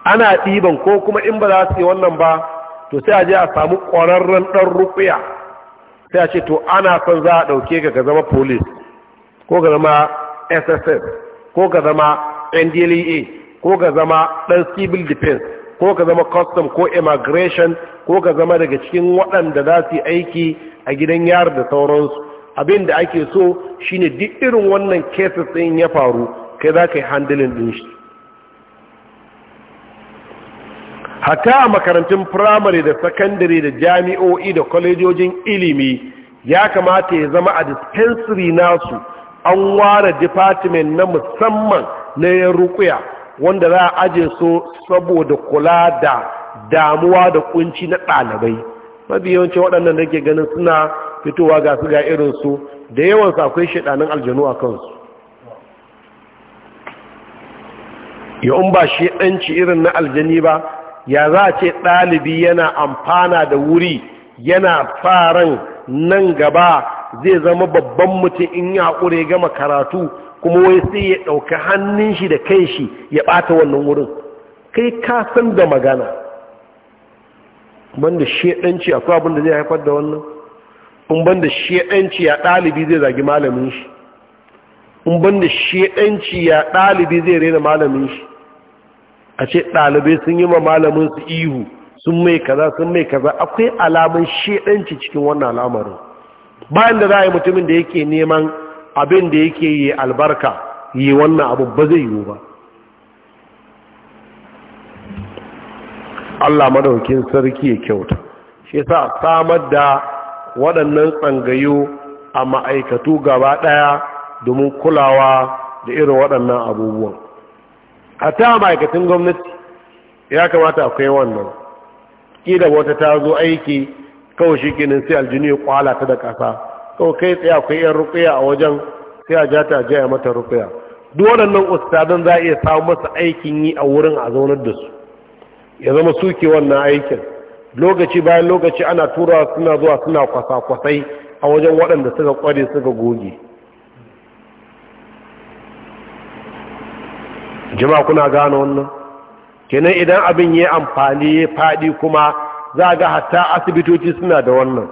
ana ɗiban ko kuma in ba za su yi wannan ba to sai a je a samu ƙwararren ɗan rukuya sai a ce to ana son za a ɗauke ka ka zama police ko ka zama sss ko ka zama ndla e ko ka zama ɗan civil defense ko ka zama custom ko immigration ko ka zama daga cikin waɗanda za su yi aiki a gidan yari da sauransu abin da ake so shine duk irin wannan cases ɗin ya faru kai za ka yi handling ɗin shi Hata a makarantun firamare da sakandare da jami'o'i da kwalejojin ilimi ya kamata ya zama a dispensary nasu an ware department na musamman na yin rukuya wanda za a aje su saboda kula da damuwa da kunci na ɗalibai mafi yawancin waɗannan da ke ganin suna fitowa ga su ga irinsu da yawansu akwai shaɗanin aljanu a kansu yawan in ba shaɗanci irin na aljani ba ya za a ce ɗalibi yana amfana da wuri yana faran nan gaba zai zama babban mutum in ya ƙure gama karatu kuma wai sai ya ɗauka hannun shi da kai shi ya ɓata wannan wurin kai ka san da magana banda shaɗanci a abin da zai haifar da wannan in banda shaɗanci ya ɗalibi zai zagi malamin shi in banda shaɗanci ya ɗalibi zai rena malamin shi a ce ɗalibai sun yi ma malamin su ihu sun mai kaza sun mai kaza akwai alamun shedanci cikin wannan al'amarin bayan da za a yi mutumin da yake neman abin da yake yi albarka yi wannan abu ba zai yiwu ba Allah madaukin sarki ya kyauta shi sa samar da waɗannan tsangayo a ma'aikatu gaba ɗaya domin kulawa da irin waɗannan abubuwan hatta ma'aikacin gwamnati ya kamata akwai wannan ƙila wata ta zo aiki kawai shi ginin sai aljini ya kwala ta da ƙasa kawai kai tsaye akwai yan rukuya a wajen sai a ja ta jaya mata rukuya duk waɗannan ustadan za a iya samu masa aikin yi a wurin a zaunar da su ya zama suke wannan aikin lokaci bayan lokaci ana turawa suna zuwa suna kwasa-kwasai a wajen waɗanda suka kware suka goge jama'a kuna gano wannan kenan idan abin ya amfani ya fadi kuma za ga hatta asibitoci suna da wannan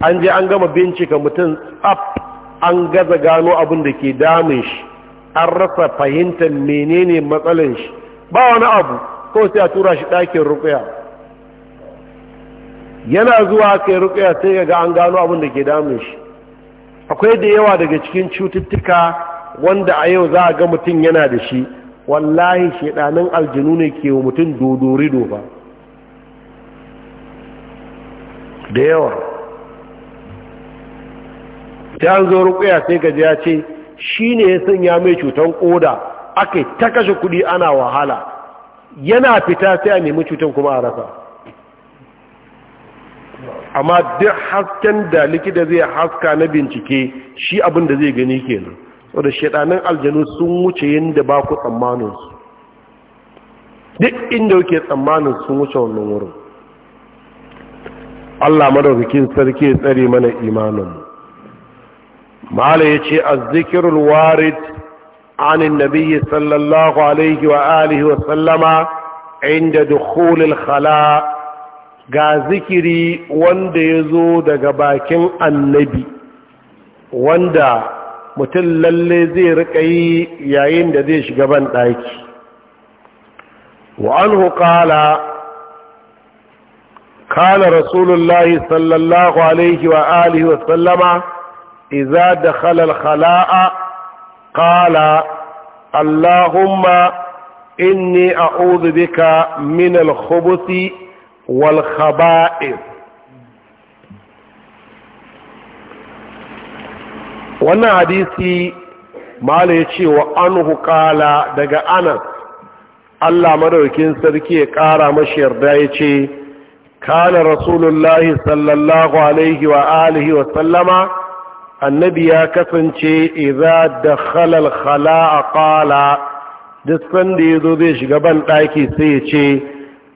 an je an gama bincika mutum tsaf an gaza gano abin da ke damun shi an rasa fahimtar menene matsalan shi ba wani abu ko sai a tura shi ɗakin rukuya yana zuwa kai rukuya sai ga an gano abin da ke damun shi akwai da yawa daga cikin cututtuka wanda a yau za a ga mutum yana da shi wallahi shaidanin aljinu ne ke wa mutum dodori doba da yawa ta an zo rukuya sai gaji ya ce shi ne ya sanya mai cutan koda aka ta kashe kudi ana wahala yana fita sai a nemi cutan kuma a rasa amma duk hasken da likita zai haska na bincike shi abinda zai gani kenan so da shaɗanin aljanu sun wuce yadda ba ku tsammaninsu duk inda kuke tsammanin sun wuce wannan wurin Allah madaukakin sarki ya tsare mana imaninmu mala ya ce a zikirul warid عن sallallahu alaihi wa alihi wa sallama inda dukkulil khala ga zikiri wanda ya zo daga bakin annabi wanda mutum lalle zai rika yi yayin da zai shiga ban ɗaki wa'an hukala kana rasulullahi sallallahu alaihi wa alihi wa sallama iza da halal khala'a kala allahumma inni a'udhu bika min al-khubuthi wal khaba'ith wannan hadisi mala ya ce wa an hukala daga anas allah madaukin sarki ya kara mashi yarda ya ce kana rasulullahi sallallahu alaihi wa alihi wa sallama annabi ya kasance idza da halal khala a kala da sanda ya zo zai shiga ban daki sai ya ce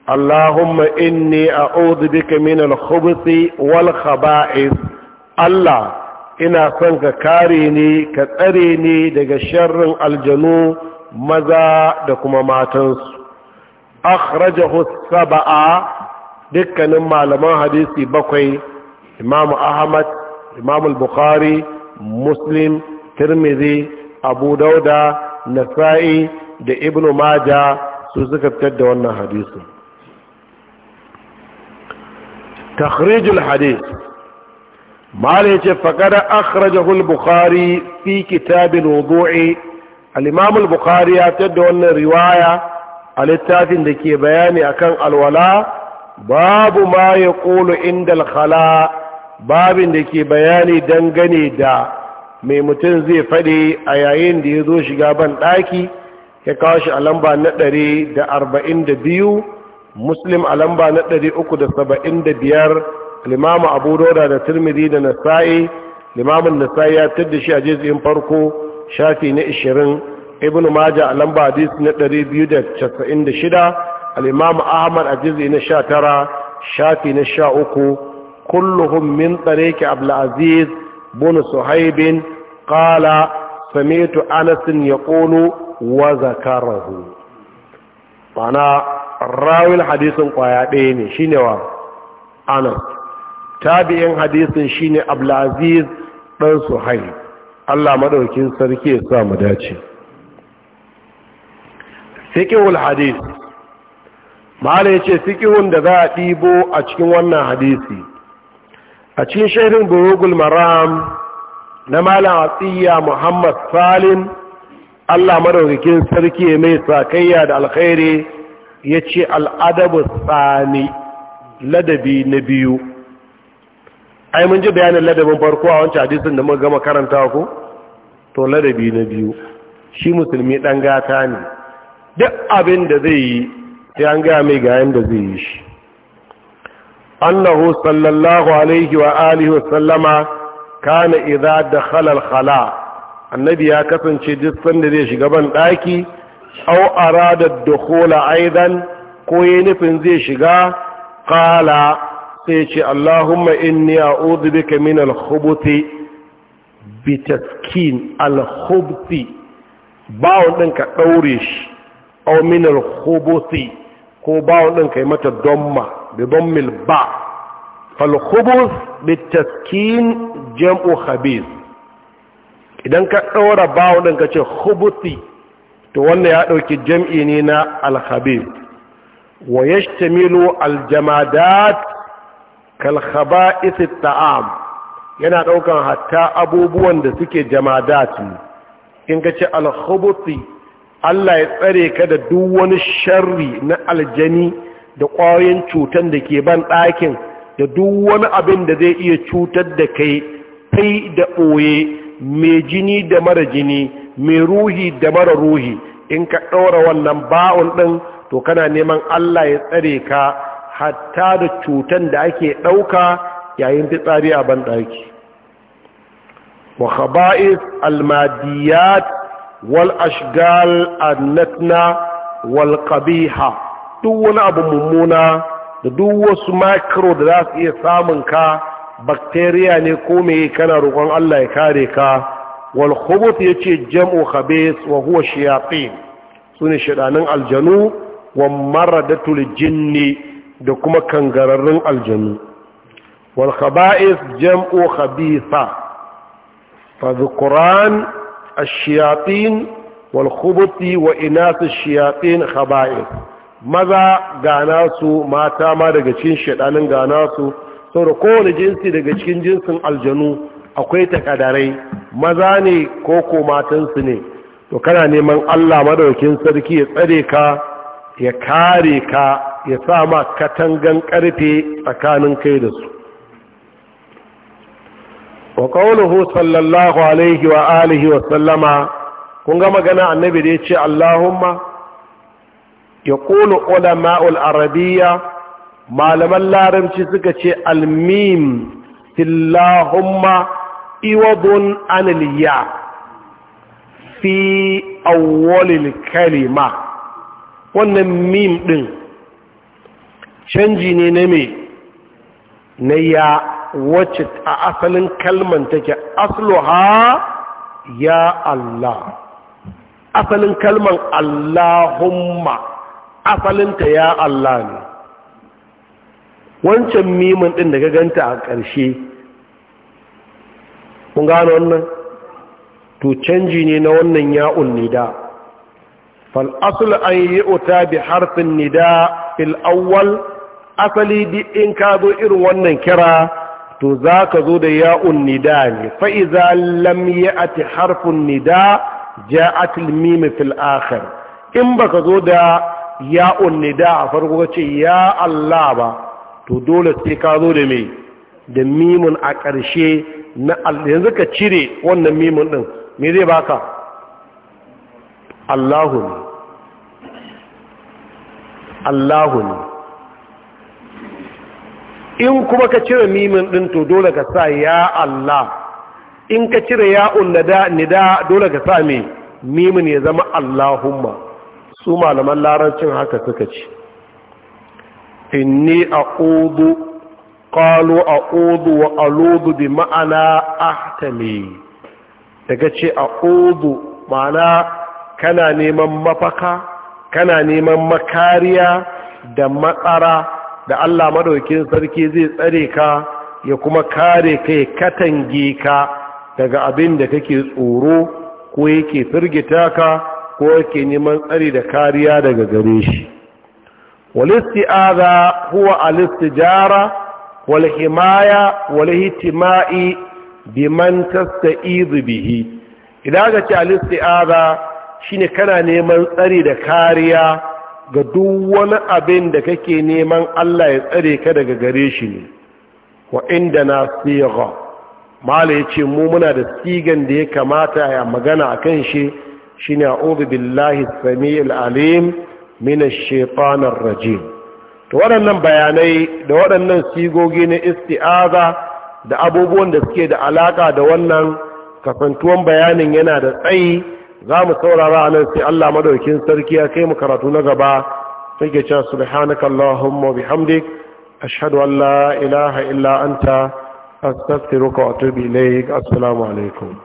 allahumma inni a bika min al-khubuthi wal khaba'is allah ina son ka kare ni ka tsare ni daga sharrin aljanu maza da kuma matansu akhrajahu sab'a dukkanin malaman hadisi bakwai imam ahmad imam bukhari muslim tirmidhi abu dauda nasa'i da ibnu maja su suka fitar da wannan hadisin takhrijul hadisi mala ya ce faƙada akhrajahul bukhari fi kitabin wudu'i bukhari ya da wannan riwaya a littafin da ke bayani akan alwala babu ma ya ƙulu inda alkhala babin da ke bayani dangane da mai mutum zai faɗi a yayin da ya zo shiga banɗaki, ɗaki ya kawo shi a lamba na ɗari da arba'in da biyu muslim a lamba na ɗari uku da saba'in da biyar limamu abu dauda da turmidi da nasa'i limamun nasa'i ya fitar da shi a jizin farko shafi na 20 ibn maja a lamba hadis na 296 al-imamu ahmad a jizi na 19 shafi na 13 kulluhum min tsareki abdulaziz bin suhaibin qala sami'tu anas yaqulu wa zakarahu ma'ana rawil hadisin kwaya ɗaya ne shine wa anas tabi'in hadisin shine abdulaziz dan suhaib Allah madaukin sarki ya sa mu dace fiqhul hadis mala yace fiqhun da za a dibo a cikin wannan hadisi a cikin shehrin burugul maram na malam atiya muhammad salim Allah madaukin sarki mai sakayya da alkhairi yace al'adabu tsani ladabi na biyu ai mun ji bayanin ladabin farko a wancan hadisin da muka gama karanta ku. to ladabi na biyu shi musulmi dan gata ne duk abin da zai yi sai an ga mai ga yanda zai yi shi annahu sallallahu alaihi wa alihi wa sallama kana idza dakhala al-khala annabi ya kasance duk sanda zai shiga ban daki aw arada dukhula aidan ko yayin nufin zai shiga qala sai ce Allahumma inni a'udhu bika min al-khubuthi bi taskin al-khubthi bawon din ka daure shi aw min al-khubuthi ko bawon din yi mata damma bi dammil ba fal khubuth bi jam'u khabith idan ka daura bawon din ka ce khubuthi to wannan ya dauki jam'i ne na al-khabith wa yashtamilu al-jamadat kal khaba'ith taam yana daukan hatta abubuwan da suke jamadat in ka ce al Allah ya tsare ka da duk wani sharri na aljani da ƙwayoyin cutan da ke ban ɗakin da duk wani abin da zai iya cutar da kai kai da ɓoye mai jini da mara jini mai ruhi da mara ruhi in ka ɗaura wannan ba'un ɗin to kana neman Allah ya tsare ka hatta da cutan da ake ɗauka yayin fitsari a banɗaki wa khaba'is almadiyat wal ashgal annatna wal qabiha duk wani abu mummuna da duk wasu micro da za su iya samun ka bacteria ne ko me kana roƙon Allah ya kare ka wal khubuth yace jam'u khabith wa huwa shayatin sunan shedanin aljanu wa maradatul jinni da kuma kangararrun aljanu wal khaba'is jam'u khabitha fa dhukran ash-shayatin wal wa inas ash khaba'is maza gana su mata ma daga cikin shedanin gana su saboda kowane jinsi daga cikin jinsin aljanu akwai takadarai maza ne ko ko matansu ne to kana neman Allah madaukin sarki ya tsare ka ya kare ka ya sa ma katangan ƙarfe tsakanin kai da su wa ƙaunuhu sallallahu alaihi wa alihi wa sallama kun ga magana annabi da ya ce allahumma ya ƙulu ulama'ul arabiya malaman larabci suka ce almim fillahumma iwadun aniliya fi awwalil kalima wannan mim ɗin canji ne na me na ya wacce a asalin kalman take asluha ya Allah asalin kalman Allahumma asalinta ya Allah ne wancan mimin ɗin da ganta a ƙarshe kun gano wannan to canji ne na wannan ya'un nida fal asul an yi uta bi harfin nida fil awwal asali di in ka zo irin wannan kira to za ka zo da ya'un nida ne fa'iza lam harfun nida ja'at al-mim fil akhir in ka zo da ya'un nida a farko ce ya Allah ba to dole sai ka zo da me da mimun a ƙarshe na yanzu ka cire wannan mimun din me zai baka ka? Allahu ne in kuma ka cire mimin ɗin to dole ka sa ya Allah in ka cire ya ya'un nida dole ka sa mi mimin ya zama Allahumma su malaman larancin haka suka ce inni a'udhu qalu a'udhu wa al'udu bi ma'ana ahtami daga ce a'udhu ma'ana kana neman mafaka kana neman makariya da matsara da Allah madaukin sarki zai tsare ka ya kuma kare kai katange ka daga abin da kake tsoro ko yake firgita ka ko yake neman tsari da kariya daga gare shi aza huwa alistijara wal himaya wal ihtimai biman tasta'izu bihi idan ka ce alisti'aza shine kana neman tsari da kariya ga duk wani abin da kake neman Allah ya tsare ka daga gare shi ne wa inda na siga mala ya ce mu muna da sigan da ya kamata ya magana akan kan shi shi ne a obi billahi alim mina shekwanar rajim Da waɗannan bayanai da waɗannan sigogi na isti'aza da abubuwan da suke da alaƙa da wannan kasantuwan bayanin yana da tsayi za mu saurara a nan sai Allah madaukin sarki ya kai mu karatu na gaba take cewa subhanaka allahumma bihamdik ashhadu an la ilaha illa anta astaghfiruka wa atubu ilaik assalamu alaikum